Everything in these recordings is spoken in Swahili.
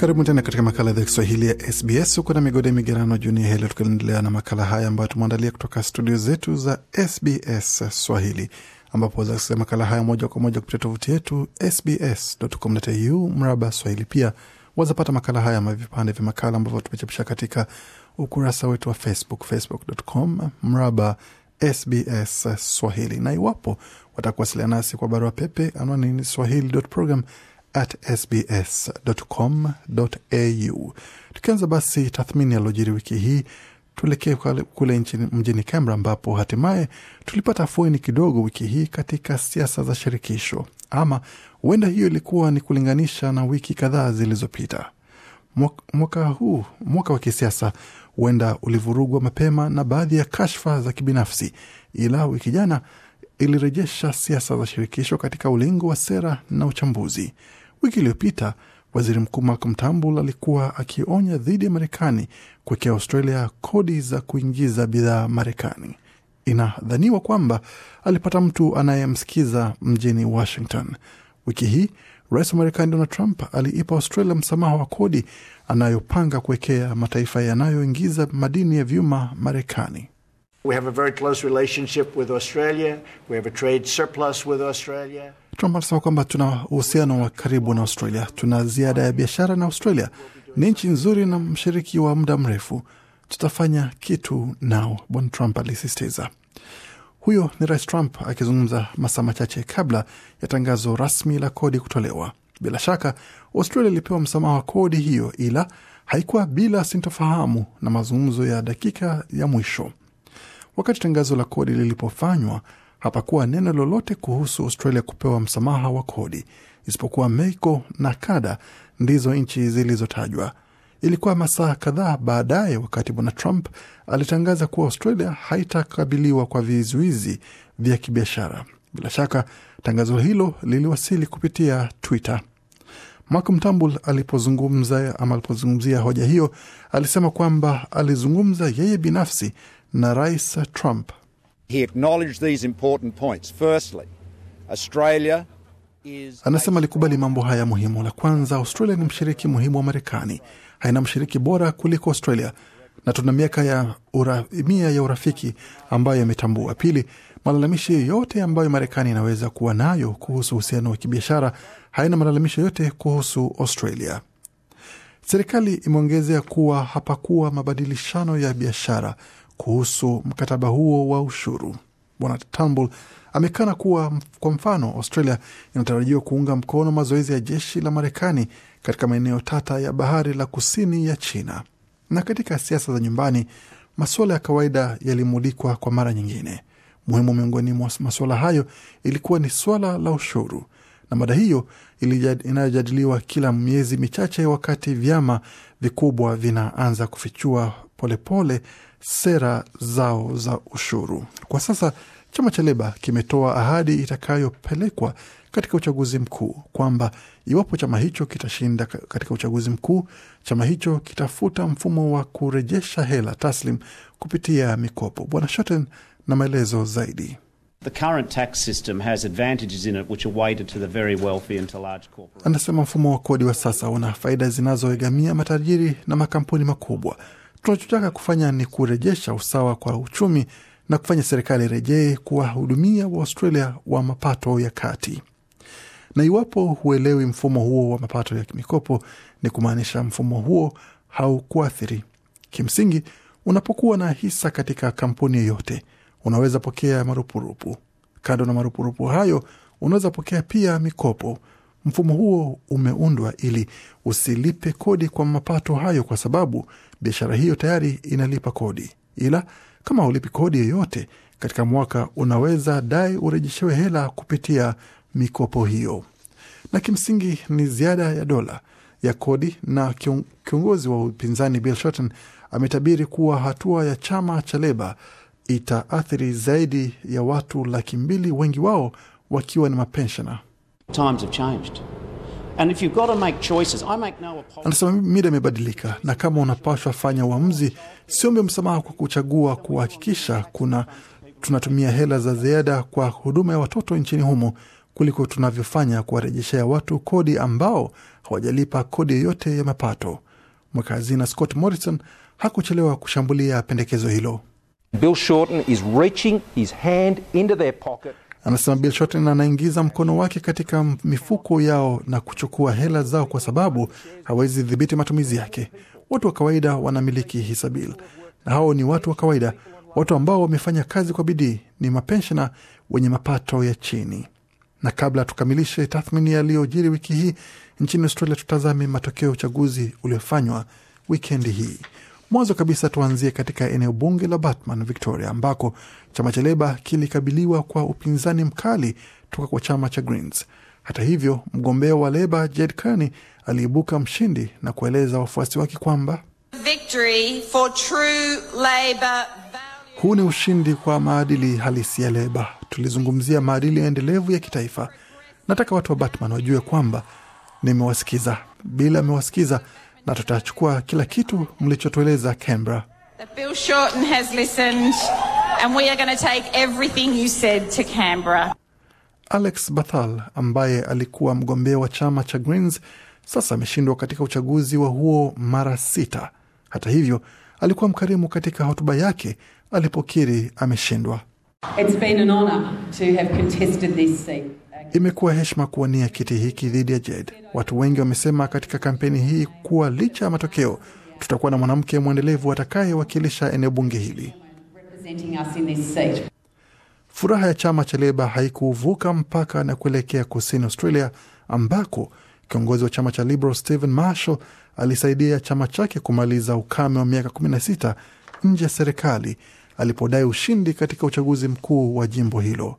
Karibu tena katika makala idhaa ya Kiswahili ya SBS. Huko na migode migerano juni ya hili, tukiendelea na makala haya ambayo tumeandalia kutoka studio zetu za SBS Swahili, ambapo waweza makala haya moja kwa moja kupitia tovuti yetu sbs.com.au mraba swahili. Pia wazapata makala haya ama vipande vya makala ambavyo tumechapisha katika ukurasa wetu wa Facebook, facebook.com mraba SBS Swahili, na iwapo watakuwasiliana nasi kwa barua pepe, anwani ni swahili.program at sbs.com.au. Tukianza basi tathmini yalojiri wiki hii, tuelekee kule nchini mjini Canberra ambapo hatimaye tulipata afueni kidogo wiki hii katika siasa za shirikisho, ama huenda hiyo ilikuwa ni kulinganisha na wiki kadhaa zilizopita. Mwaka huu, mwaka wa kisiasa huenda ulivurugwa mapema na baadhi ya kashfa za kibinafsi, ila wiki jana ilirejesha siasa za shirikisho katika ulingo wa sera na uchambuzi. Wiki iliyopita waziri mkuu Malcolm Turnbull alikuwa akionya dhidi ya Marekani kuwekea Australia kodi za kuingiza bidhaa Marekani. Inadhaniwa kwamba alipata mtu anayemsikiza mjini Washington. Wiki hii rais wa Marekani Donald Trump aliipa Australia msamaha wa kodi anayopanga kuwekea mataifa yanayoingiza madini ya vyuma Marekani. We have a very close relationship with Australia. We have a trade surplus with Australia. Trump anasema kwamba tuna uhusiano wa karibu na Australia, tuna ziada ya biashara na Australia. Ni nchi nzuri na mshiriki wa muda mrefu, tutafanya kitu nao, bwana Trump alisisitiza. Huyo ni rais Trump akizungumza masaa machache kabla ya tangazo rasmi la kodi kutolewa. Bila shaka Australia ilipewa msamaha wa kodi hiyo, ila haikuwa bila sintofahamu na mazungumzo ya dakika ya mwisho. Wakati tangazo la kodi lilipofanywa, hapakuwa neno lolote kuhusu Australia kupewa msamaha wa kodi, isipokuwa Mexico na Canada ndizo nchi zilizotajwa. Ilikuwa masaa kadhaa baadaye, wakati bwana Trump alitangaza kuwa Australia haitakabiliwa kwa vizuizi vya kibiashara. Bila shaka tangazo hilo liliwasili kupitia Twitter. Malcolm Turnbull alipozungumza ama alipozungumzia hoja hiyo, alisema kwamba alizungumza yeye binafsi na Rais Trump. He acknowledged these important points. Firstly, Australia Anasema alikubali mambo haya muhimu. La kwanza, Australia ni mshiriki muhimu wa Marekani, haina mshiriki bora kuliko Australia na tuna miaka ya ura, mia ya urafiki ambayo yametambua. Pili, malalamishi yoyote ambayo Marekani inaweza kuwa nayo kuhusu uhusiano wa kibiashara haina malalamishi yoyote kuhusu Australia. Serikali imeongezea kuwa hapakuwa mabadilishano ya biashara kuhusu mkataba huo wa ushuru. Bwana Turnbull amekana kuwa kwa mfano, Australia inatarajiwa kuunga mkono mazoezi ya jeshi la Marekani katika maeneo tata ya bahari la kusini ya China. Na katika siasa za nyumbani, masuala ya kawaida yalimulikwa kwa mara nyingine. Muhimu miongoni mwa masuala hayo ilikuwa ni swala la ushuru, na mada hiyo inayojadiliwa kila miezi michache, wakati vyama vikubwa vinaanza kufichua polepole pole sera zao za ushuru. Kwa sasa chama cha Leba kimetoa ahadi itakayopelekwa katika uchaguzi mkuu kwamba iwapo chama hicho kitashinda katika uchaguzi mkuu, chama hicho kitafuta mfumo wa kurejesha hela taslim kupitia mikopo. Bwana Shoten na maelezo zaidi. Anasema mfumo wa kodi wa sasa una faida zinazoegamia matajiri na makampuni makubwa tunachotaka kufanya ni kurejesha usawa kwa uchumi na kufanya serikali rejee kuwahudumia Waaustralia wa mapato ya kati. Na iwapo huelewi mfumo huo wa mapato ya mikopo, ni kumaanisha mfumo huo haukuathiri. Kimsingi, unapokuwa na hisa katika kampuni yoyote, unaweza pokea marupurupu. Kando na marupurupu hayo, unaweza pokea pia mikopo Mfumo huo umeundwa ili usilipe kodi kwa mapato hayo, kwa sababu biashara hiyo tayari inalipa kodi. Ila kama haulipi kodi yoyote katika mwaka, unaweza dai urejeshewe hela kupitia mikopo hiyo, na kimsingi ni ziada ya dola ya kodi. Na kiongozi wa upinzani Bill Shorten ametabiri kuwa hatua ya chama cha Leba itaathiri zaidi ya watu laki mbili, wengi wao wakiwa ni mapenshona. Times have changed. And if you've got to make choices, I make no... Anasema mida imebadilika, na kama unapaswa fanya uamuzi, siombe msamaha kwa kuchagua kuhakikisha kuna tunatumia hela za ziada kwa huduma ya watoto nchini humo kuliko tunavyofanya kuwarejeshea watu kodi ambao hawajalipa kodi yoyote ya mapato. Mweka hazina Scott Morrison hakuchelewa kushambulia pendekezo hilo. Bill Shorten is reaching his hand into their pocket. Anasema Bilshoten anaingiza mkono wake katika mifuko yao na kuchukua hela zao kwa sababu hawezi dhibiti matumizi yake. Watu wa kawaida wanamiliki hisa na hao ni watu wa kawaida, watu ambao wamefanya kazi kwa bidii, ni mapenshona wenye mapato ya chini. Na kabla tukamilishe tathmini yaliyojiri wiki hii nchini Australia, tutazame matokeo ya uchaguzi uliofanywa wikendi hii. Mwanzo kabisa tuanzie katika eneo bunge la Batman, Victoria, ambako chama cha Leba kilikabiliwa kwa upinzani mkali toka kwa chama cha Greens. Hata hivyo, mgombea wa Leba Jed Carney aliibuka mshindi na kueleza wafuasi wake kwamba huu ni ushindi kwa maadili halisi ya Leba. Tulizungumzia maadili ya endelevu ya kitaifa. Nataka watu wa Batman wajue kwamba nimewasikiza. Bila amewasikiza na tutachukua kila kitu mlichotueleza Canberra. Alex Bathal ambaye alikuwa mgombea wa chama cha Greens sasa ameshindwa katika uchaguzi wa huo mara sita. Hata hivyo, alikuwa mkarimu katika hotuba yake alipokiri ameshindwa. Imekuwa heshima kuwania kiti hiki dhidi ya Jed. Watu wengi wamesema katika kampeni hii kuwa licha ya matokeo, tutakuwa na mwanamke mwendelevu atakayewakilisha eneo bunge hili. Furaha ya chama cha Leba haikuvuka mpaka na kuelekea kusini Australia, ambako kiongozi wa chama cha Liberal Stephen Marshall alisaidia chama chake kumaliza ukame wa miaka 16 nje ya serikali alipodai ushindi katika uchaguzi mkuu wa jimbo hilo.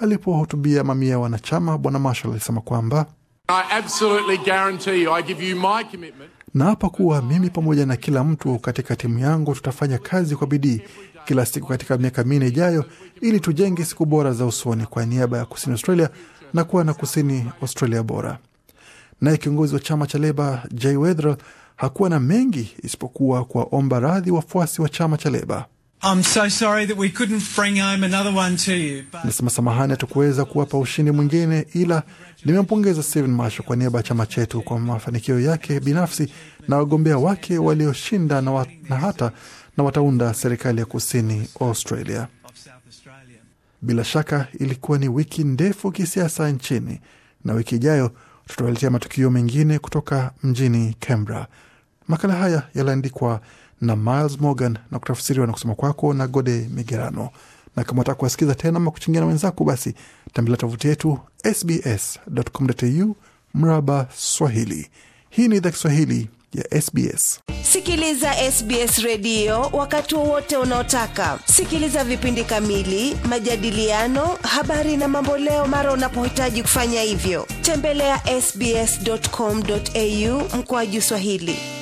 Alipohutubia mamia ya wanachama, Bwana Marshall alisema kwamba na hapa kuwa mimi pamoja na kila mtu katika timu yangu tutafanya kazi kwa bidii kila siku katika miaka minne ijayo ili tujenge siku bora za usoni kwa niaba ya kusini Australia na kuwa na kusini Australia bora. Naye kiongozi wa chama cha Leba Jay wethrel hakuwa na mengi isipokuwa kuwaomba radhi wafuasi wa chama cha Leba. I'm so sorry that we couldn't bring home another one to you, Nasema samahani, hatukuweza kuwapa ushindi mwingine, ila nimempongeza Steven Marshall kwa niaba ya chama chetu kwa mafanikio yake binafsi na wagombea wake walioshinda na, wa, na hata na wataunda serikali ya kusini Australia. Bila shaka ilikuwa ni wiki ndefu kisiasa nchini, na wiki ijayo tutawaletea matukio mengine kutoka mjini Canberra. Makala haya yaliandikwa na Miles Morgan na kutafsiriwa na kusoma kwako na Gode Migerano. Na kama wataka kuwasikiza tena ama kuchingia na wenzako, basi tembelea tovuti yetu sbs.com.au mraba Swahili. Hii ni idhaa Kiswahili ya SBS. Sikiliza SBS redio wakati wowote unaotaka. Sikiliza vipindi kamili, majadiliano, habari na mamboleo mara unapohitaji kufanya hivyo. Tembelea ya sbs.com.au mkoaju Swahili.